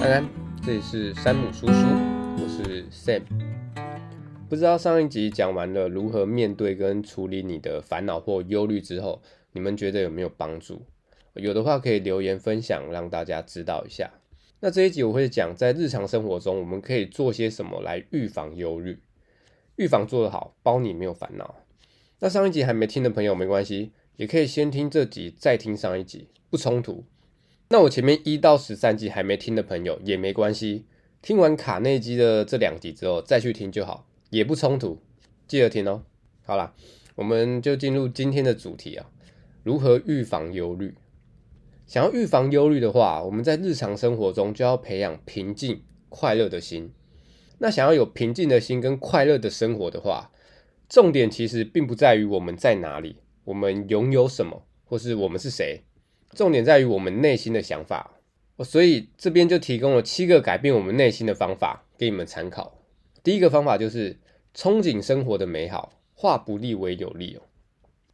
安安，這裡是山姆書書，我是 Sam。不知道上一集講完了如何面對跟處理你的煩惱或憂慮之後，你們覺得有沒有幫助？有的話可以留言分享，讓大家知道一下。那這一集我會講在日常生活中我們可以做些什麼來預防憂慮，預防做得好，包你沒有煩惱。那上一集還沒聽的朋友沒關係，也可以先聽這集，再聽上一集，不衝突。那我前面一到十三集還沒聽的朋友也沒關係，聽完卡內基的這兩集之後再去聽就好，也不衝突，記得聽哦。好啦，我們就進入今天的主題啊，如何預防憂慮？想要預防憂慮的話，我們在日常生活中就要培養平靜快樂的心。那想要有平靜的心跟快樂的生活的話，重點其實並不在於我們在哪裡，我們擁有什麼，或是我們是誰。重點在於我們內心的想法，所以這邊就提供了七個改變我們內心的方法給你們參考。第一個方法就是憧憬生活的美好，化不利為有利哦。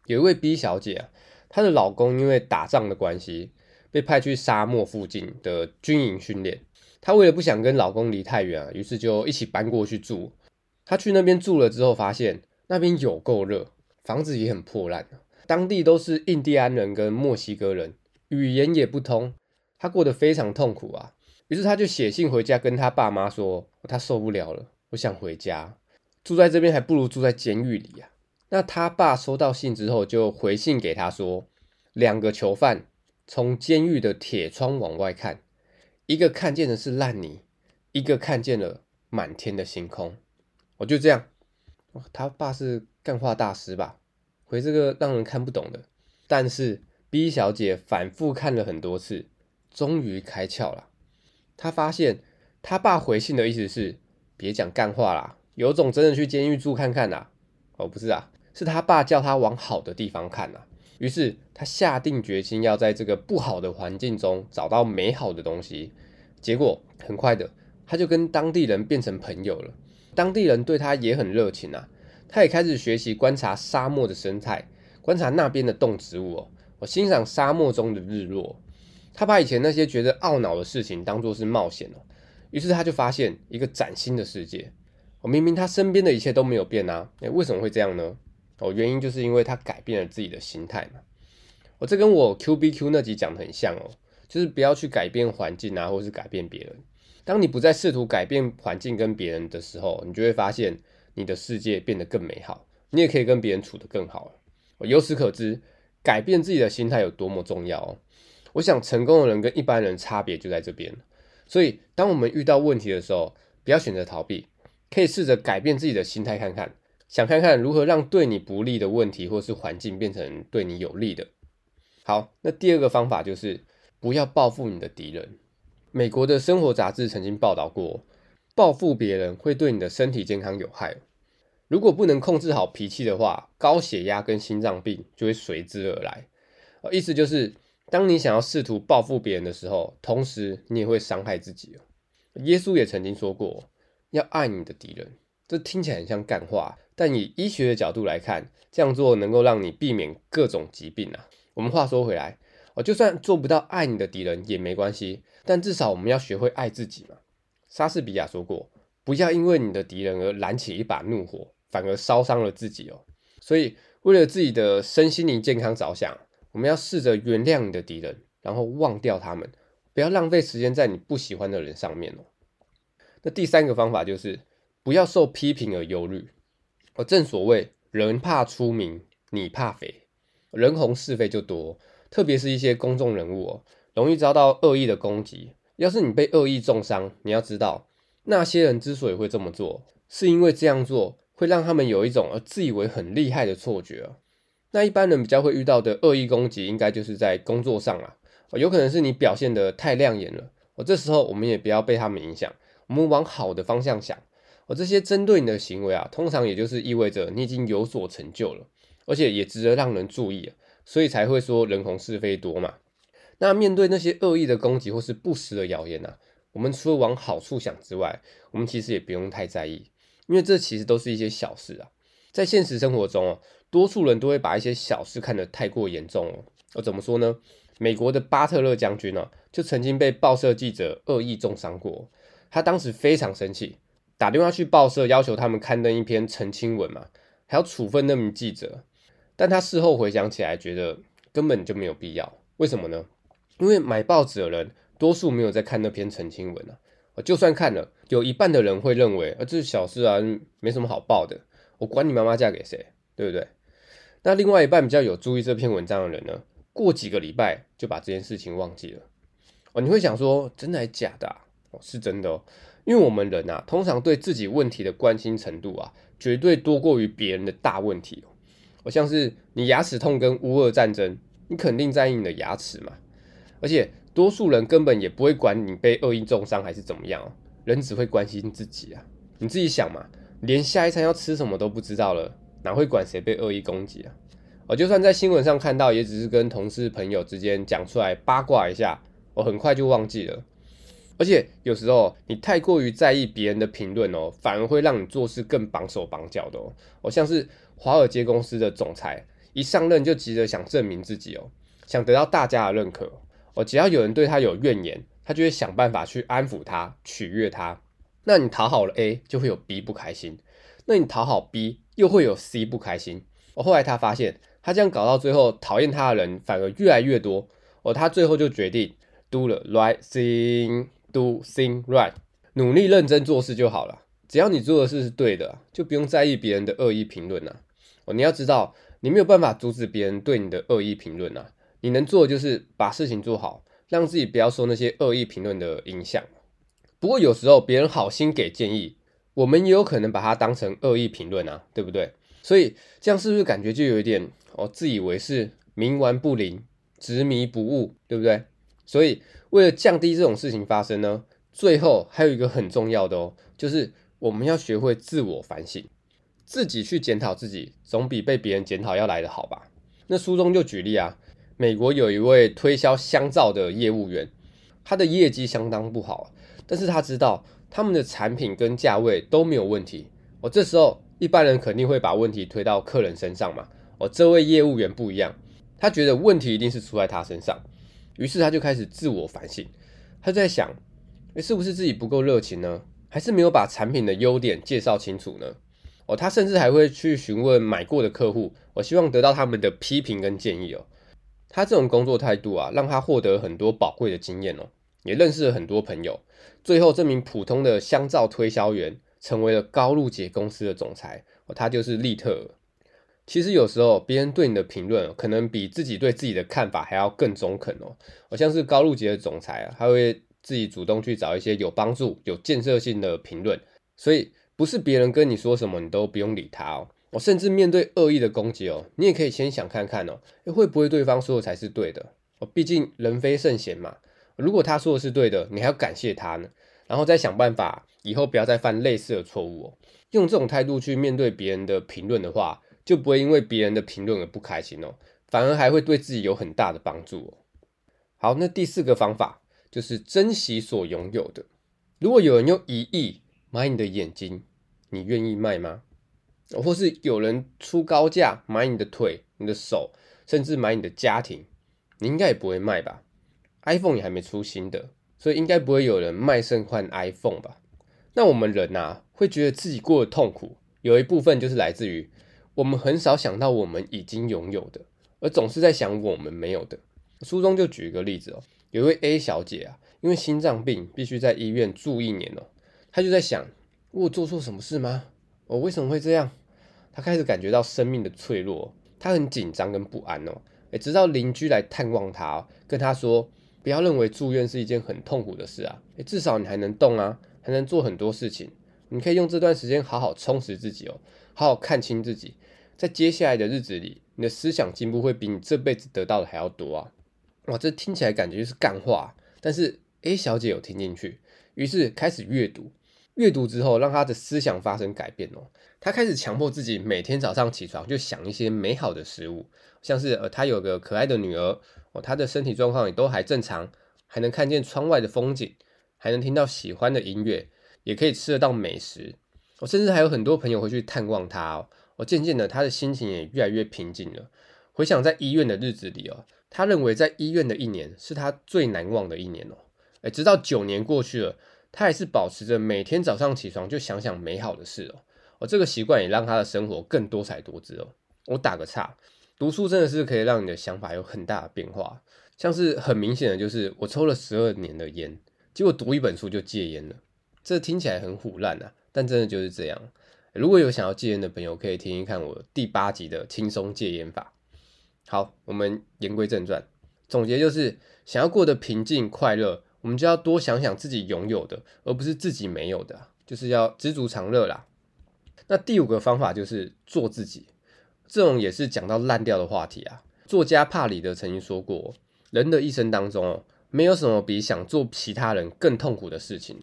有一位 B 小姐啊，她的老公因為打仗的關係，被派去沙漠附近的軍營訓練。她為了不想跟老公離太遠啊，於是就一起搬過去住。她去那邊住了之後，發現那邊有夠熱，房子也很破爛，當地都是印第安人跟墨西哥人。語言也不通，他過得非常痛苦啊。於是他就寫信回家，跟他爸媽說他受不了了，我想回家。住在這邊還不如住在監獄裡啊。那他爸收到信之後就回信給他說，兩個囚犯從監獄的鐵窗往外看，一個看見的是爛泥，一個看見了滿天的星空。我就這樣，哦，他爸是幹話大師吧？回這個讓人看不懂的，但是。B 小姐反覆看了很多次，終於開竅了。她發現她爸回信的意思是：別講幹話啦，有種真的去監獄住看看吶、啊。哦，不是啊，是她爸叫她往好的地方看啊。於是她下定決心要在這個不好的環境中找到美好的東西。結果很快的，她就跟當地人變成朋友了。當地人對她也很熱情啊，她也開始學習觀察沙漠的生態，觀察那邊的動植物哦。我欣賞沙漠中的日落。他把以前那些覺得懊惱的事情當做是冒險了，於是他就發現一個嶄新的世界。我明明他身邊的一切都沒有變啊，欸，為什麼會這樣呢？哦，原因就是因為他改變了自己的心態嘛。我這跟我 Q B Q 那集講得很像哦，就是不要去改變環境啊，或是改變別人。當你不再試圖改變環境跟別人的時候，你就會發現你的世界變得更美好，你也可以跟別人處得更好我由此可知。改變自己的心態有多麼重要哦？我想，成功的人跟一般人差別就在這邊。所以，當我們遇到問題的時候，不要選擇逃避，可以試着改變自己的心態，看看，想看看如何讓對你不利的問題或是環境變成對你有利的。好，那第二個方法就是不要報復你的敵人。美國的生活雜誌曾經報道過，報復別人會對你的身體健康有害。如果不能控制好脾氣的話，高血壓跟心臟病就會隨之而來。呃，意思就是，當你想要試圖報復別人的時候，同時你也會傷害自己。耶穌也曾經說過，要愛你的敵人。這聽起來很像乾話，但以醫學的角度來看，這樣做能夠讓你避免各種疾病啊。我們話說回來，哦，就算做不到愛你的敵人也沒關係，但至少我們要學會愛自己嘛。莎士比亞說過，不要因為你的敵人而燃起一把怒火。反而燒傷了自己哦，所以為了自己的身心靈健康着想，我們要試着原諒你的敵人，然後忘掉他們，不要浪費時間在你不喜歡的人上面哦。那第三個方法就是不要受批評而憂慮。正所謂人怕出名，你怕肥，人紅是非就多，特別是一些公眾人物哦，容易遭到惡意的攻擊。要是你被惡意中傷，你要知道那些人之所以會這麼做，是因為這樣做。會讓他們有一種自以為很厲害的錯覺、哦，那一般人比較會遇到的惡意攻擊，應該就是在工作上啊，哦、有可能是你表現得太亮眼了，我、哦、這時候我們也不要被他們影響，我們往好的方向想，我、哦、這些針對你的行為啊，通常也就是意味着你已經有所成就了，而且也值得讓人注意、啊，所以才會說人紅是非多嘛。那面對那些惡意的攻擊或是不實的謠言呢、啊，我們除了往好處想之外，我們其實也不用太在意。因為這其實都是一些小事啊，在現實生活中啊，多數人都會把一些小事看得太過嚴重哦。怎麼說呢？美國的巴特勒將軍呢，啊，就曾經被報社記者惡意中傷過，他當時非常生氣，打電話去報社要求他們刊登一篇澄清文嘛，還要處分那名記者。但他事後回想起來，覺得根本就沒有必要。為什麼呢？因為買報紙的人多數沒有在看那篇澄清文啊，就算看了。有一半的人會認為，啊，這是小事啊，沒什麼好報的，我管你媽媽嫁給誰，對不對？那另外一半比較有注意這篇文章的人呢，過幾個禮拜就把這件事情忘記了。哦，你會想說，真的還是假的啊？哦，是真的哦，因為我們人吶、啊，通常對自己問題的關心程度啊，絕對多過於別人的大問題哦。我像是你牙齒痛跟烏俄戰爭，你肯定在意你的牙齒嘛。而且多數人根本也不會管你被惡意中傷還是怎麼樣哦。人只會關心自己啊，你自己想嘛，連下一餐要吃什麼都不知道了，哪會管誰被惡意攻擊啊？我就算在新聞上看到，也只是跟同事朋友之間講出來八卦一下，我很快就忘記了。而且有時候你太過於在意別人的評論哦，反而會讓你做事更綁手綁腳的哦。我像是華爾街公司的總裁，一上任就急着想證明自己哦，想得到大家的認可哦，我只要有人對他有怨言。他就會想辦法去安撫他，取悅他。那你討好了 A，就會有 B 不開心；那你討好 B，又會有 C 不開心。哦，後來他發現，他這樣搞到最後，討厭他的人反而越來越多。哦，他最後就決定 do the right thing，do thing right，努力認真做事就好了。只要你做的事是對的，就不用在意別人的惡意評論了啊。哦，你要知道，你沒有辦法阻止別人對你的惡意評論啊。你能做的就是把事情做好。讓自己不要受那些惡意評論的影響。不過有時候別人好心給建議，我們也有可能把它當成惡意評論啊，對不對？所以這樣是不是感覺就有一點哦，自以為是、冥頑不靈、執迷不悟，對不對？所以為了降低這種事情發生呢，最後還有一個很重要的哦，就是我們要學會自我反省，自己去檢討自己，總比被別人檢討要來得好吧？那書中就舉例啊。美國有一位推銷香皂的業務員，他的業績相當不好，但是他知道他們的產品跟價位都沒有問題。我、哦、這時候一般人肯定會把問題推到客人身上嘛。我、哦、這位業務員不一樣，他覺得問題一定是出在他身上，於是他就開始自我反省。他在想，你是不是自己不夠熱情呢？還是沒有把產品的優點介紹清楚呢？哦，他甚至還會去詢問買過的客戶，我、哦、希望得到他們的批評跟建議哦。他這種工作態度啊，讓他獲得很多寶貴的經驗哦，也認識了很多朋友。最後，這名普通的香皂推銷員成為了高露潔公司的總裁，哦、他就是利特爾。其實有時候別人對你的評論，可能比自己對自己的看法還要更中肯哦。好、哦、像是高露潔的總裁啊，他會自己主動去找一些有幫助、有建設性的評論。所以，不是別人跟你說什麼，你都不用理他哦。我甚至面對惡意的攻擊哦，你也可以先想看看哦，會不會對方說的才是對的？畢竟人非聖賢嘛。如果他說的是對的，你還要感謝他呢，然後再想辦法以後不要再犯類似的錯誤哦。用這種態度去面對別人的評論的話，就不會因為別人的評論而不開心哦，反而還會對自己有很大的幫助哦。好，那第四個方法就是珍惜所擁有的。如果有人用一億買你的眼睛，你願意賣嗎？或是有人出高價買你的腿、你的手，甚至買你的家庭，你應該也不會賣吧？iPhone 也還沒出新的，所以應該不會有人賣腎換 iPhone 吧？那我們人吶、啊，會覺得自己過得痛苦，有一部分就是來自於我們很少想到我們已經擁有的，而總是在想我們沒有的。書中就舉一個例子哦，有一位 A 小姐啊，因為心臟病必須在醫院住一年哦，她就在想：我做錯什麼事嗎？我、哦、為什麼會這樣？他開始感覺到生命的脆弱，他很緊張跟不安哦。誒直到鄰居來探望他、哦，跟他說：“不要認為住院是一件很痛苦的事啊，至少你還能動啊，還能做很多事情。你可以用這段時間好好充實自己哦，好好看清自己。在接下來的日子裡，你的思想進步會比你這輩子得到的還要多啊！”哇，這聽起來感覺是幹話，但是 A 小姐有聽進去，於是開始閱讀。閱讀之後，讓他的思想發生改變哦。他開始強迫自己每天早上起床就想一些美好的事物，像是呃，他有個可愛的女兒哦，他的身體狀況也都還正常，還能看見窗外的風景，還能聽到喜歡的音樂，也可以吃得到美食。我、哦、甚至還有很多朋友會去探望他哦。我漸漸的，他的心情也越來越平靜了。回想在醫院的日子裡哦，他認為在醫院的一年是他最難忘的一年哦。欸、直到九年過去了。他還是保持着每天早上起床就想想美好的事哦，我、哦、這個習慣也讓他的生活更多彩多姿哦。我打個岔，讀書真的是可以讓你的想法有很大的變化，像是很明顯的就是我抽了十二年的煙，結果讀一本書就戒煙了，這聽起來很虎爛啊，但真的就是這樣。如果有想要戒煙的朋友，可以聽一看我第八集的輕鬆戒煙法。好，我們言歸正傳，總結就是想要過得平靜快樂。我們就要多想想自己擁有的，而不是自己沒有的，就是要知足常樂啦。那第五個方法就是做自己，這種也是講到爛掉的話題啊。作家帕里德曾經說過，人的一生當中，沒有什麼比想做其他人更痛苦的事情了。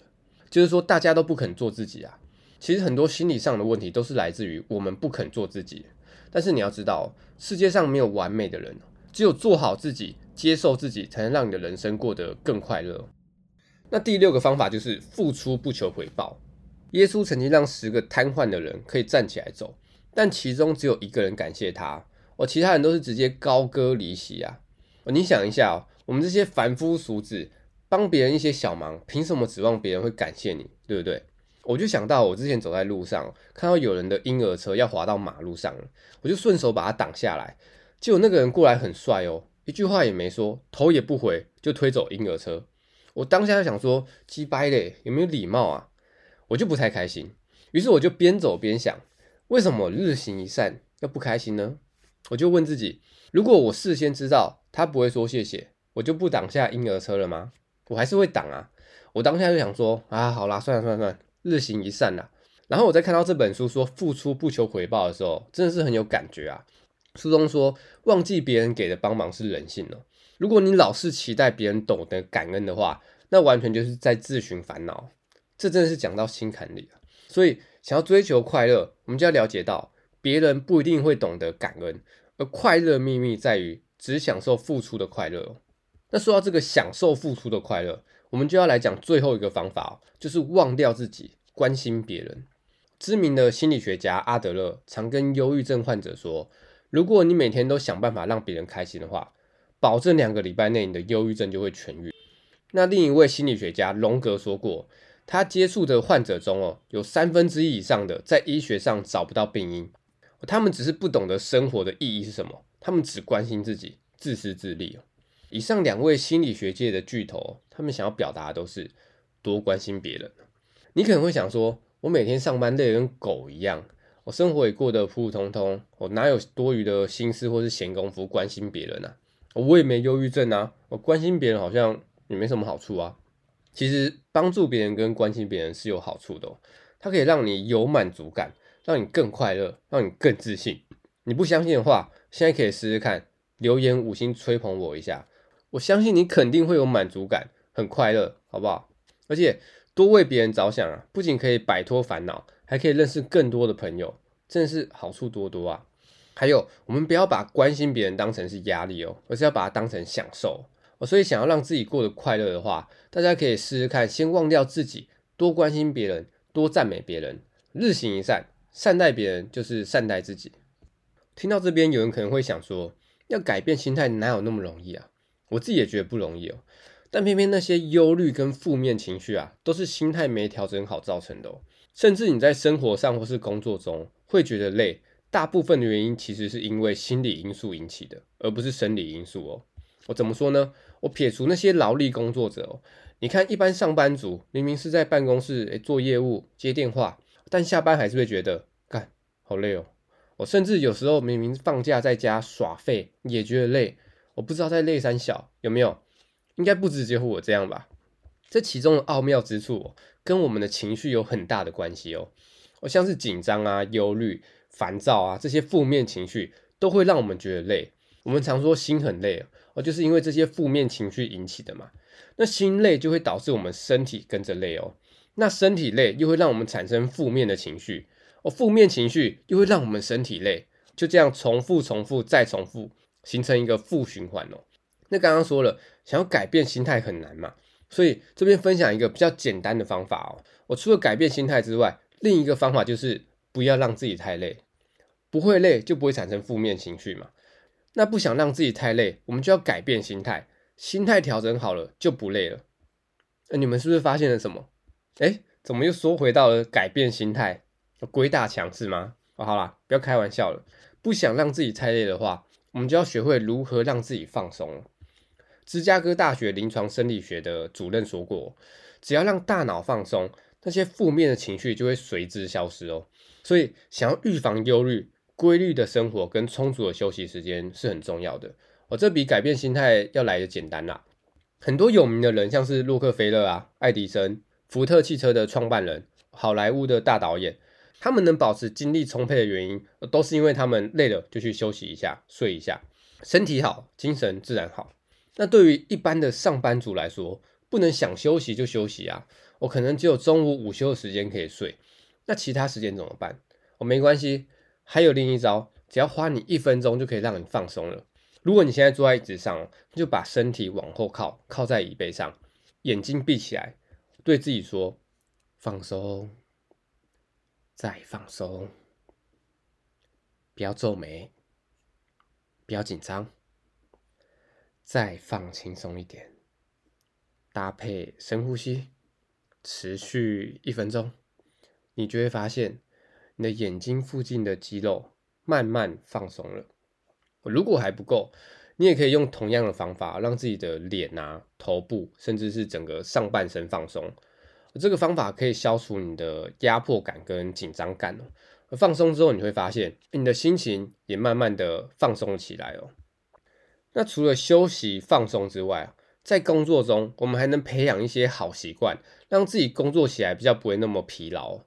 就是說，大家都不肯做自己啊。其實很多心理上的問題都是來自於我們不肯做自己。但是你要知道，世界上沒有完美的人，只有做好自己。接受自己，才能讓你的人生過得更快樂。那第六個方法就是付出不求回報。耶穌曾經讓十個癱瘓的人可以站起來走，但其中只有一個人感謝他，而其他人都是直接高歌離席啊！你想一下，我們這些凡夫俗子幫別人一些小忙，憑什麼指望別人會感謝你？對不對？我就想到我之前走在路上，看到有人的嬰兒車要滑到馬路上，我就順手把它擋下來，結果那個人過來很帥哦。一句話也沒說，頭也不回，就推走嬰兒車。我當下就想說，雞掰嘞，有沒有禮貌啊？我就不太開心。於是我就邊走邊想，為什麼日行一善要不開心呢？我就問自己，如果我事先知道他不會說謝謝，我就不擋下嬰兒車了嗎？我還是會擋啊。我當下就想說，啊，好啦，算了算了算了，日行一善啦。然後我在看到這本書說付出不求回報的時候，真的是很有感覺啊。書中說，忘記別人給的幫忙是人性了。如果你老是期待別人懂得感恩的話，那完全就是在自尋煩惱。這真的是講到心坎裡了。所以，想要追求快樂，我們就要了解到，別人不一定會懂得感恩。而快樂秘密在於，只享受付出的快樂。那說到這個享受付出的快樂，我們就要來講最後一個方法，就是忘掉自己，關心別人。知名的心理學家阿德勒常跟憂鬱症患者說。如果你每天都想辦法讓別人開心的話，保證兩個禮拜內你的憂鬱症就會痊癒。那另一位心理學家榮格說過，他接觸的患者中哦，有三分之一以上的在醫學上找不到病因，他們只是不懂得生活的意義是什麼，他們只關心自己，自私自利。以上兩位心理學界的巨頭，他們想要表達的都是多關心別人。你可能會想說，我每天上班累得跟狗一樣。我生活也過得普普通通，我哪有多餘的心思或是閒工夫關心別人啊？我也沒憂鬱症啊，我關心別人好像也沒什麼好處啊。其實幫助別人跟關心別人是有好處的，它可以讓你有滿足感，讓你更快樂，讓你更自信。你不相信的話，現在可以試試看，留言五星吹捧我一下，我相信你肯定會有滿足感，很快樂，好不好？而且多為別人着想啊，不僅可以擺脫煩惱。還可以認識更多的朋友，真是好處多多啊！還有，我們不要把關心別人當成是壓力哦，而是要把它當成享受。所以，想要讓自己過得快樂的話，大家可以試試看，先忘掉自己，多關心別人，多讚美別人，日行一善，善待別人就是善待自己。聽到這邊，有人可能會想說，要改變心態哪有那麼容易啊？我自己也覺得不容易哦。但偏偏那些憂慮跟負面情緒啊，都是心態沒調整好造成的哦。甚至你在生活上或是工作中會覺得累，大部分的原因其實是因為心理因素引起的，而不是生理因素哦。我怎麼說呢？我撇除那些勞力工作者哦，你看一般上班族明明是在辦公室誒做業務、接電話，但下班還是會覺得幹好累哦。我甚至有時候明明放假在家耍廢也覺得累，我不知道在累三小有沒有，應該不只幾乎我這樣吧？這其中的奧妙之處哦。跟我們的情緒有很大的關係哦，我、哦、像是緊張啊、憂慮、煩躁啊這些負面情緒，都會讓我們覺得累。我們常說心很累哦，就是因為這些負面情緒引起的嘛。那心累就會導致我們身體跟着累哦。那身體累又會讓我們產生負面的情緒，哦、負面情緒又會讓我們身體累，就這樣重複、重複、再重複，形成一個負循環哦。那剛剛說了，想要改變心態很難嘛。所以這邊分享一個比較簡單的方法哦、喔。我除了改變心態之外，另一個方法就是不要讓自己太累，不會累就不會產生負面情緒嘛。那不想讓自己太累，我們就要改變心態，心態調整好了就不累了。那你們是不是發現了什麼？哎、欸，怎麼又說回到了改變心態？鬼打牆是嗎？喔、好啦，不要開玩笑了。不想讓自己太累的話，我們就要學會如何讓自己放鬆了。芝加哥大學臨床生理學的主任說過：“只要讓大腦放鬆，那些負面的情緒就會隨之消失哦。”所以，想要預防憂慮，規律的生活跟充足的休息時間是很重要的。而、哦、這比改變心態要來得簡單啦。很多有名的人，像是洛克菲勒啊、愛迪生、福特汽車的創辦人、好萊塢的大導演，他們能保持精力充沛的原因，都是因為他們累了就去休息一下、睡一下，身體好，精神自然好。那對於一般的上班族來說，不能想休息就休息啊！我可能只有中午午休的時間可以睡，那其他時間怎麼辦？我、哦、沒關係，還有另一招，只要花你一分鐘就可以讓你放鬆了。如果你現在坐在椅子上，就把身體往後靠，靠在椅背上，眼睛閉起來，對自己說：放鬆，再放鬆，不要皺眉，不要緊張。再放輕鬆一點，搭配深呼吸，持續一分鐘，你就會發現你的眼睛附近的肌肉慢慢放鬆了。如果還不夠，你也可以用同樣的方法讓自己的臉啊、頭部，甚至是整個上半身放鬆。這個方法可以消除你的壓迫感跟緊張感哦。放鬆之後，你會發現你的心情也慢慢的放鬆起來哦。那除了休息放鬆之外，在工作中我們還能培養一些好習慣，讓自己工作起來比較不會那麼疲勞。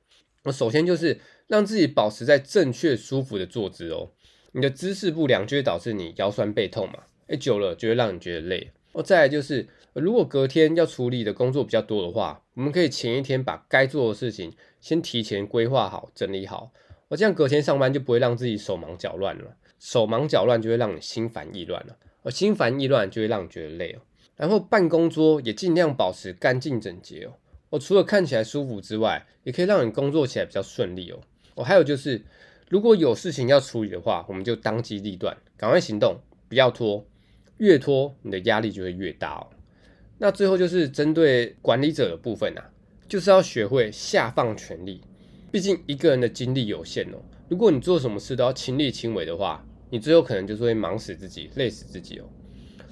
我首先就是讓自己保持在正確舒服的坐姿哦。你的姿勢不良就會導致你腰痠背痛嘛，誒，久了就會讓你覺得累哦。再來就是，如果隔天要處理的工作比較多的話，我們可以前一天把該做的事情先提前規劃好、整理好，我這樣隔天上班就不會讓自己手忙腳亂了。手忙腳亂就會讓你心煩意亂了。我心煩意亂就會讓你覺得累哦、喔。然後辦公桌也儘量保持乾淨整潔哦。我除了看起來舒服之外，也可以讓你工作起來比較順利哦。我還有就是，如果有事情要處理的話，我們就當機立斷，趕快行動，不要拖。越拖你的壓力就會越大哦、喔。那最後就是針對管理者的部分吶、啊，就是要學會下放權力。畢竟一個人的精力有限哦、喔。如果你做什麼事都要親力親為的話，你最後可能就是會忙死自己，累死自己哦。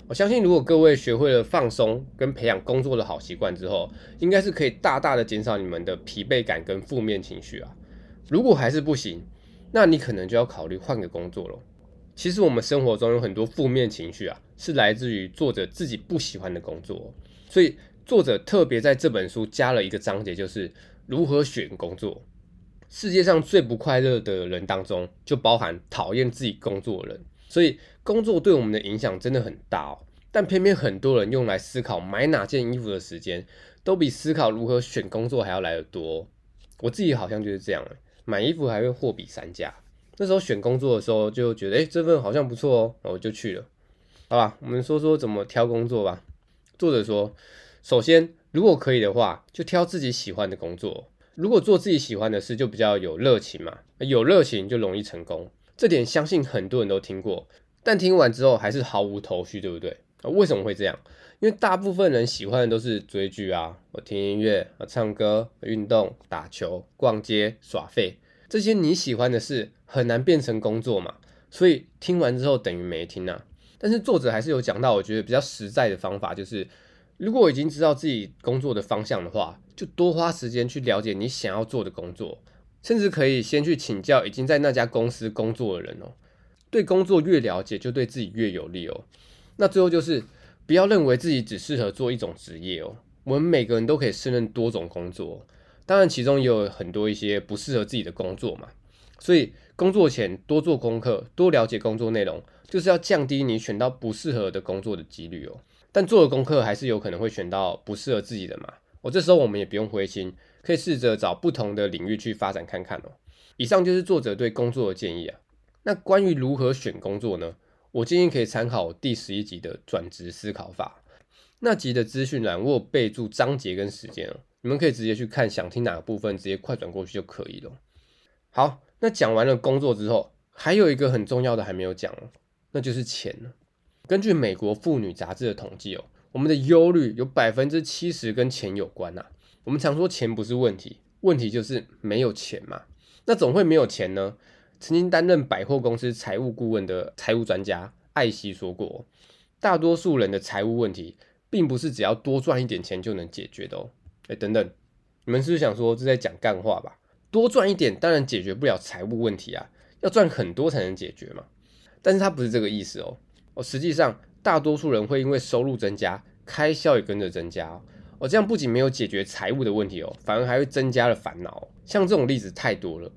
我相信，如果各位學會了放鬆跟培養工作的好習慣之後，應該是可以大大的減少你們的疲憊感跟負面情緒啊。如果還是不行，那你可能就要考慮換個工作了。其實我們生活中有很多負面情緒啊，是來自於做著自己不喜歡的工作，所以作者特別在這本書加了一個章節，就是如何選工作。世界上最不快樂的人當中，就包含討厭自己工作的人，所以工作對我們的影響真的很大哦。但偏偏很多人用來思考買哪件衣服的時間，都比思考如何選工作還要來得多哦。我自己好像就是這樣，買衣服還會貨比三家。那時候選工作的時候就覺得，哎，這份好像不錯哦，我就去了。好吧，我們說說怎麼挑工作吧。作者說，首先如果可以的話，就挑自己喜歡的工作。如果做自己喜歡的事，就比較有熱情嘛，有熱情就容易成功，這點相信很多人都聽過，但聽完之後還是毫無頭緒，對不對？啊，為什麼會這樣？因為大部分人喜歡的都是追劇啊，我聽音樂唱歌、運動、打球、逛街、耍廢，這些你喜歡的事很難變成工作嘛，所以聽完之後等於沒聽啊。但是作者還是有講到，我覺得比較實在的方法，就是。如果我已經知道自己工作的方向的話，就多花時間去了解你想要做的工作，甚至可以先去請教已經在那家公司工作的人哦。對工作越了解，就對自己越有利哦。那最後就是不要認為自己只適合做一種職業哦，我們每個人都可以勝任多種工作。當然，其中也有很多一些不適合自己的工作嘛，所以工作前多做功課，多了解工作內容，就是要降低你選到不適合的工作的幾率哦。但做了功課，還是有可能會選到不適合自己的嘛。我、哦、這時候我們也不用灰心，可以試着找不同的領域去發展看看哦。以上就是作者對工作的建議啊。那關於如何選工作呢？我建議可以參考第十一集的轉職思考法。那集的資訊欄我有備注章節跟時間哦，你們可以直接去看，想聽哪個部分，直接快轉過去就可以了。好，那講完了工作之後，還有一個很重要的還沒有講，那就是錢。根據美國婦女雜誌的統計哦，我們的憂慮有百分之七十跟錢有關吶。我們常說錢不是問題，問題就是沒有錢嘛。那怎麼會沒有錢呢？曾經擔任百貨公司財務顧問的財務專家艾希說過哦，大多數人的財務問題，並不是只要多賺一點錢就能解決的哦。哎，等等，你們是不是想說這在講幹話吧？多賺一點當然解決不了財務問題啊，要賺很多才能解決嘛。但是他不是這個意思哦。哦，實際上，大多數人會因為收入增加，開銷也跟着增加哦。這樣不僅沒有解決財務的問題哦，反而還會增加了煩惱。像這種例子太多了，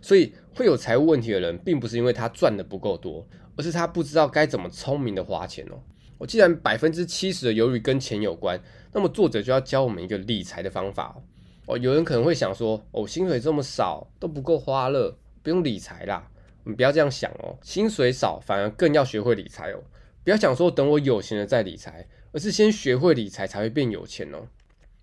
所以會有財務問題的人，並不是因為他賺的不夠多，而是他不知道該怎麼聰明的花錢哦。我既然百分之七十的憂慮跟錢有關，那麼作者就要教我們一個理財的方法哦。哦，有人可能會想說，哦，薪水這麼少，都不夠花了，不用理財啦。不要這樣想哦，薪水少反而更要學會理財哦。不要想說等我有錢了再理財，而是先學會理財才會變有錢哦。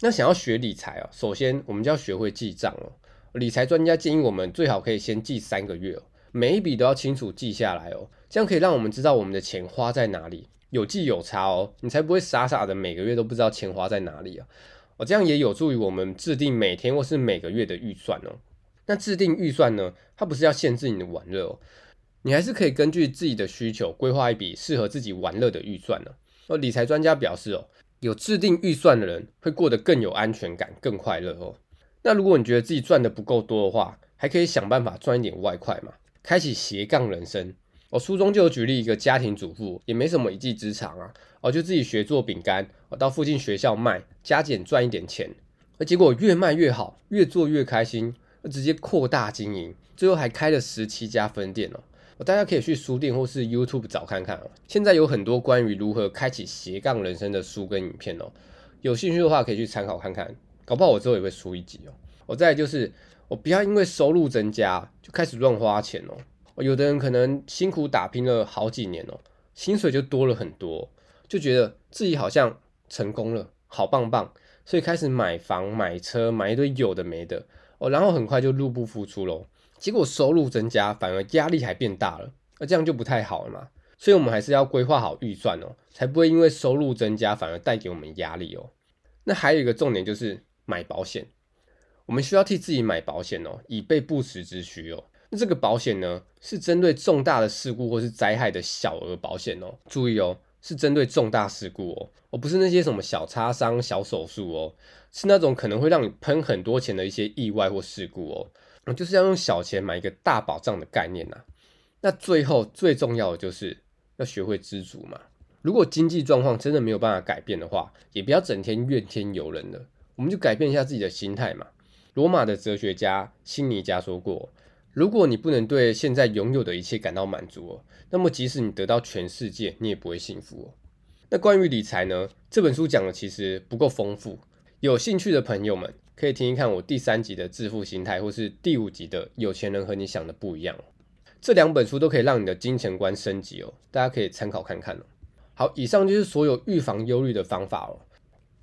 那想要學理財哦，首先我們就要學會記賬哦。理財專家建議我們最好可以先記三個月哦，每一筆都要清楚記下來哦，這樣可以讓我們知道我們的錢花在哪裡，有記有差哦，你才不會傻傻的每個月都不知道錢花在哪裡啊。哦，這樣也有助於我們制定每天或是每個月的預算哦。那制定預算呢？它不是要限制你的玩樂、哦，你還是可以根據自己的需求規劃一筆適合自己玩樂的預算呢、啊。哦，理財專家表示哦，有制定預算的人會過得更有安全感、更快樂哦。那如果你覺得自己賺的不夠多的話，還可以想辦法賺一點外快嘛，開啟斜槓人生。哦，書中就有舉例一個家庭主婦，也沒什麼一技之長啊，哦，就自己學做餅乾，哦，到附近學校賣，加減賺一點錢，而結果越賣越好，越做越開心。直接擴大經營，最後還開了十七家分店哦。大家可以去書店或是 YouTube 找看看哦。現在有很多關於如何開啟斜槓人生的書跟影片哦，有興趣的話可以去參考看看。搞不好我之後也會出一集哦。我再來就是，我不要因為收入增加就開始亂花錢哦。有的人可能辛苦打拼了好幾年哦，薪水就多了很多，就覺得自己好像成功了，好棒棒，所以開始買房、買車，買一堆有的沒的。哦，然後很快就入不敷出咯，哦，結果收入增加，反而壓力還變大了，那這樣就不太好了嘛。所以我們還是要規劃好預算哦，才不會因為收入增加反而帶給我們壓力哦。那還有一個重點就是買保險，我們需要替自己買保險哦，以備不時之需哦。那這個保險呢，是針對重大的事故或是災害的小額保險哦。注意哦，是針對重大事故哦，而，哦，不是那些什麼小擦傷、小手術哦。是那種可能會讓你噴很多錢的一些意外或事故哦，就是要用小錢買一個大保障的概念啊。那最後最重要的就是要學會知足嘛。如果經濟狀況真的沒有辦法改變的話，也不要整天怨天尤人了，我們就改變一下自己的心態嘛。羅馬的哲學家辛尼加說過，如果你不能對現在擁有的一切感到滿足哦，那麼即使你得到全世界，你也不會幸福哦。那關於理財呢？這本書講的其實不夠豐富。有興趣的朋友們可以聽一看我第三集的《致富心態》，或是第五集的《有錢人和你想的不一樣》。這兩本書都可以讓你的金錢觀升級哦，大家可以參考看看哦。好，以上就是所有預防憂慮的方法哦。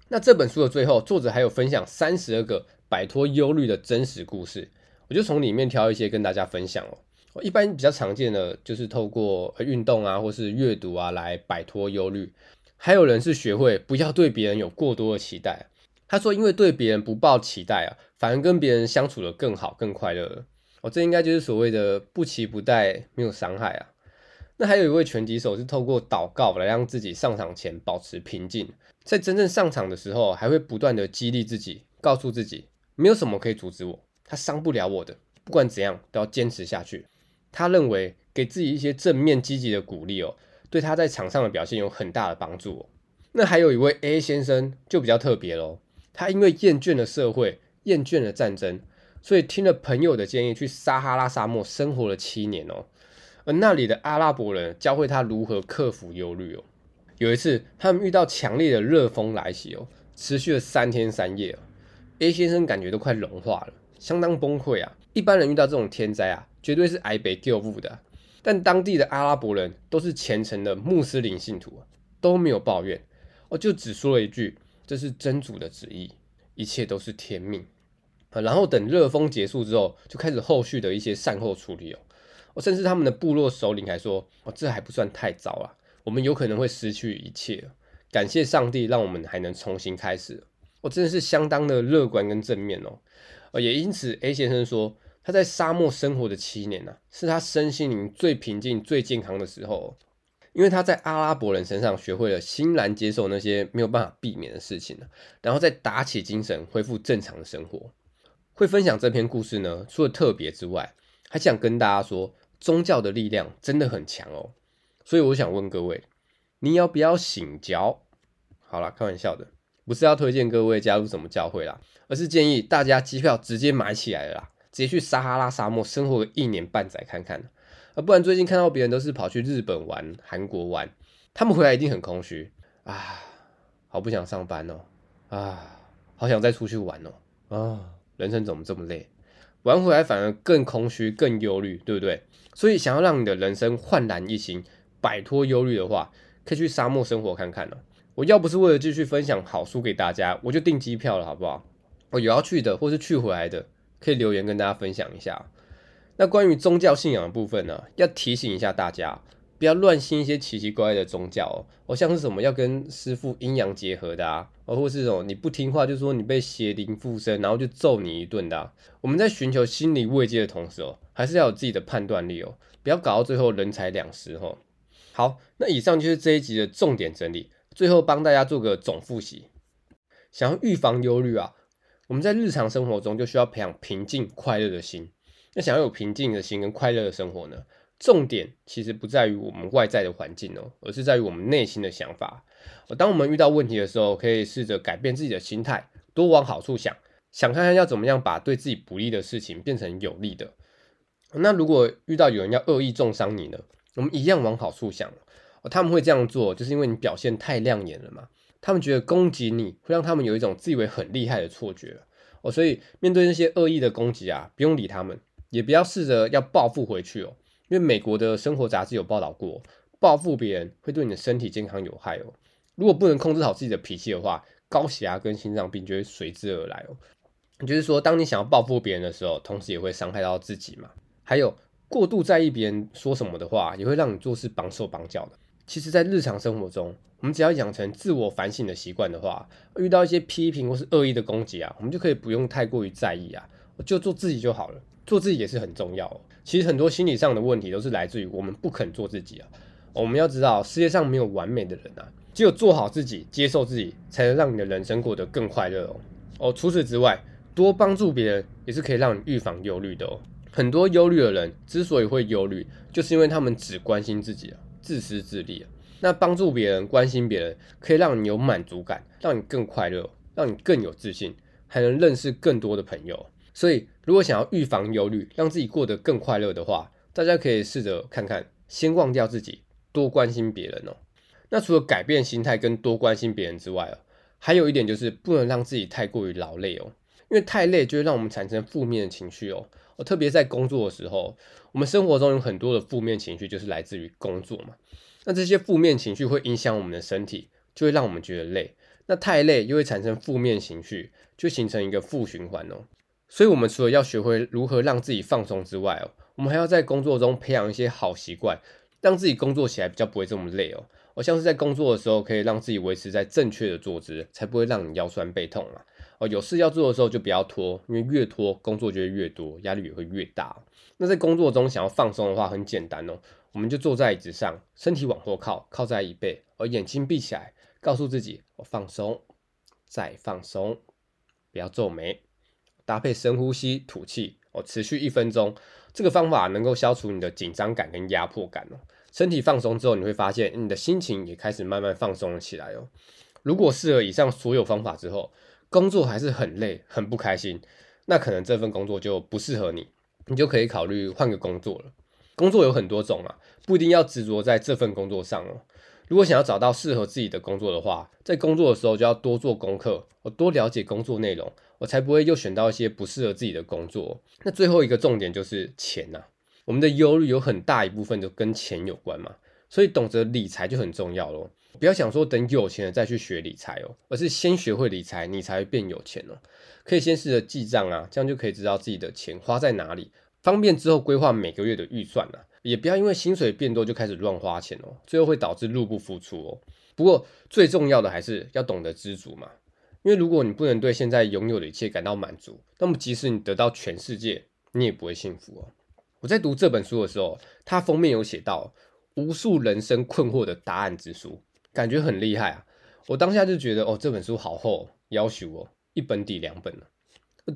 那這本書的最後，作者還有分享三十二個擺脫憂慮的真實故事，我就從裡面挑一些跟大家分享哦。一般比較常見的就是透過運動啊，或是閱讀啊來擺脫憂慮，還有人是學會不要對別人有過多的期待。他說：“因為對別人不抱期待啊，反而跟別人相處得更好、更快樂。哦，這應該就是所謂的不期不待，沒有傷害啊。”那還有一位拳擊手是透過禱告來讓自己上場前保持平靜，在真正上場的時候還會不斷地激勵自己，告訴自己，沒有什麼可以阻止我，他傷不了我的，不管怎樣都要堅持下去。他認為給自己一些正面積極的鼓勵哦，對他在場上的表現有很大的幫助哦。那還有一位 A 先生就比較特別嘍。他因為厭倦了社會，厭倦了戰爭，所以聽了朋友的建議，去撒哈拉沙漠生活了七年哦。而那裡的阿拉伯人教會他如何克服憂慮哦。有一次，他們遇到強烈的熱風來襲哦，持續了三天三夜哦。A 先生感覺都快融化了，相當崩潰啊。一般人遇到這種天災啊，絕對是哀爸叫母的啊。但當地的阿拉伯人都是虔誠的穆斯林信徒啊，都沒有抱怨哦，我就只說了一句。這是真主的旨意，一切都是天命。然後等熱風結束之後，就開始後續的一些善後處理哦。甚至他們的部落首領還說，哦，這還不算太糟啊，我們有可能會失去一切。感謝上帝，讓我們還能重新開始。哦，真的是相當的樂觀跟正面哦。也因此，A 先生說他在沙漠生活的七年啊，是他身心靈最平靜、最健康的時候哦。因為他在阿拉伯人身上學會了欣然接受那些沒有辦法避免的事情，然後再打起精神，恢復正常的生活。會分享這篇故事呢，除了特別之外，還想跟大家說，宗教的力量真的很強哦。所以我想問各位，你要不要信教？好啦，開玩笑的，不是要推薦各位加入什麼教會啦，而是建議大家機票直接買起來了啦，直接去撒哈拉沙漠生活個一年半載看看。啊，不然最近看到別人都是跑去日本玩、韓國玩，他們回來一定很空虛啊！好不想上班哦，啊，好想再出去玩哦，啊，人生怎麼這麼累？玩回來反而更空虛、更憂慮，對不對？所以想要讓你的人生煥然一新、擺脫憂慮的話，可以去沙漠生活看看哦。我要不是為了繼續分享好書給大家，我就訂機票了，好不好？哦，有要去的或是去回來的，可以留言跟大家分享一下。那關於宗教信仰的部分呢、啊，要提醒一下大家，不要亂信一些奇奇怪怪的宗教哦，像是什麼要跟師父陰陽結合的、啊，而或是什麼你不聽話就是說你被邪靈附身，然後就揍你一頓的、啊。我們在尋求心理慰藉的同時哦，還是要有自己的判斷力哦，不要搞到最後人財兩失哦。好，那以上就是這一集的重點整理，最後幫大家做個總複習。想要預防憂慮啊，我們在日常生活中就需要培養平靜快樂的心。那想要有平靜的心跟快樂的生活呢，重點其實不在於我們外在的環境喔，而是在於我們內心的想法。當我們遇到問題的時候，可以試着改變自己的心態，多往好處想，想看看要怎麼樣把對自己不利的事情變成有利的。那如果遇到有人要惡意中傷你呢，我們一樣往好處想。他們會這樣做，就是因為你表現太亮眼了嘛。他們覺得攻擊你會讓他們有一種自以為很厲害的錯覺。哦，所以面對那些惡意的攻擊啊，不用理他們。也不要試着要報復回去哦，因為美國的生活雜誌有報道過，報復別人會對你的身體健康有害哦。如果不能控制好自己的脾氣的話，高血壓跟心臟病就會隨之而來哦。就是說，當你想要報復別人的時候，同時也會傷害到自己嘛。還有過度在意別人說什麼的話，也會讓你做事綁手綁腳的。其實在日常生活中，我們只要養成自我反省的習慣的話，遇到一些批評或是惡意的攻擊啊，我們就可以不用太過於在意啊，就做自己就好了。做自己也是很重要哦。其實很多心理上的問題都是來自於我們不肯做自己啊。哦，我們要知道世界上沒有完美的人啊，只有做好自己、接受自己，才能讓你的人生過得更快樂哦。哦，除此之外，多幫助別人也是可以讓你預防憂慮的哦。很多憂慮的人之所以會憂慮，就是因為他們只關心自己啊，自私自利啊。那幫助別人、關心別人，可以讓你有滿足感，讓你更快樂，讓你更有自信，還能認識更多的朋友。所以，如果想要預防憂慮，讓自己過得更快樂的話，大家可以試着看看，先忘掉自己，多關心別人哦。那除了改變心態跟多關心別人之外哦，還有一點就是不能讓自己太過於勞累哦，因為太累就會讓我們產生負面的情緒哦。特別在工作的時候，我們生活中有很多的負面情緒就是來自於工作嘛。那這些負面情緒會影響我們的身體，就會讓我們覺得累。那太累又會產生負面情緒，就形成一個負循環哦。所以，我們除了要學會如何讓自己放鬆之外哦，我們還要在工作中培養一些好習慣，讓自己工作起來比較不會這麼累哦。哦，像是在工作的時候，可以讓自己維持在正確的坐姿，才不會讓你腰酸背痛嘛。哦，有事要做的時候就不要拖，因為越拖工作就會越多，壓力也會越大。那在工作中想要放鬆的話，很簡單哦，我們就坐在椅子上，身體往後靠，靠在椅背，而眼睛閉起來，告訴自己我放鬆，再放鬆，不要皺眉。搭配深呼吸、吐氣哦，持續一分鐘，這個方法能夠消除你的緊張感跟壓迫感哦。身體放鬆之後，你會發現你的心情也開始慢慢放鬆了起來哦。如果試了以上所有方法之後，工作還是很累，很不開心，那可能這份工作就不適合你，你就可以考慮換個工作了。工作有很多種啊，不一定要執着在這份工作上哦。如果想要找到適合自己的工作的話，在工作的時候就要多做功課，我多了解工作內容，我才不會又選到一些不適合自己的工作。那最後一個重點就是錢啊，我們的憂慮有很大一部分就跟錢有關嘛，所以懂得理財就很重要咯，不要想說等有錢了再去學理財哦，而是先學會理財，你才會變有錢哦。可以先試着記賬啊，這樣就可以知道自己的錢花在哪裡，方便之後規劃每個月的預算啊。也不要因為薪水變多就開始亂花錢哦，最後會導致入不敷出哦。不過最重要的還是要懂得知足嘛，因為如果你不能對現在擁有的一切感到滿足，那麼即使你得到全世界，你也不會幸福哦、啊。我在讀這本書的時候，它封面有寫到“無數人生困惑的答案之書”，感覺很厲害啊。我當下就覺得哦，這本書好厚，要求哦一本抵兩本了。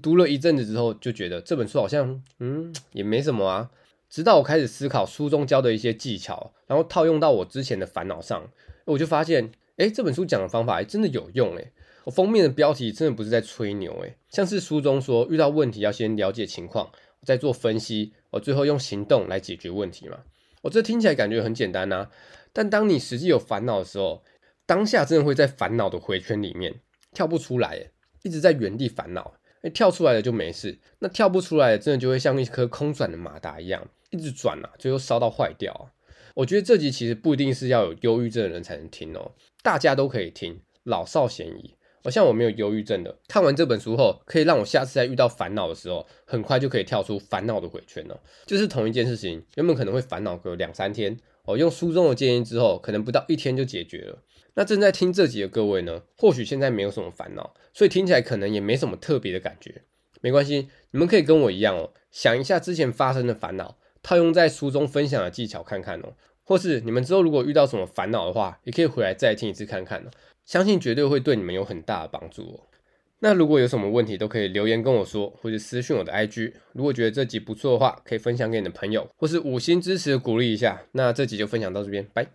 讀了一陣子之後，就覺得這本書好像嗯也沒什麼啊。直到我開始思考書中教的一些技巧，然後套用到我之前的煩惱上，我就發現，哎、欸，這本書講的方法還、欸、真的有用、欸，哎，我封面的標題真的不是在吹牛、欸，哎，像是書中說，遇到問題要先了解情況，再做分析，我、喔、最後用行動來解決問題嘛，我、喔、這聽起來感覺很簡單吶、啊，但當你實際有煩惱的時候，當下真的會在煩惱的回圈裡面跳不出來、欸，一直在原地煩惱，哎、欸，跳出來了就沒事，那跳不出來，真的就會像一顆空轉的馬達一樣。一直轉吶、啊，最後燒到壞掉、啊。我覺得這集其實不一定是要有憂鬱症的人才能聽哦，大家都可以聽，老少咸宜。而像我沒有憂鬱症的，看完這本書後，可以讓我下次再遇到煩惱的時候，很快就可以跳出煩惱的迴圈了。就是同一件事情，原本可能會煩惱個兩三天，哦，用書中的建議之後，可能不到一天就解決了。那正在聽這集的各位呢，或許現在沒有什麼煩惱，所以聽起來可能也沒什麼特別的感覺。沒關係，你們可以跟我一樣哦，想一下之前發生的煩惱。套用在書中分享的技巧看看哦，或是你們之後如果遇到什麼煩惱的話，也可以回來再聽一次看看哦。相信絕對會對你們有很大的幫助哦。那如果有什麼問題都可以留言跟我說，或者私訊我的 IG。如果覺得這集不錯的話，可以分享給你的朋友，或是五星支持鼓勵一下。那這集就分享到這邊，拜。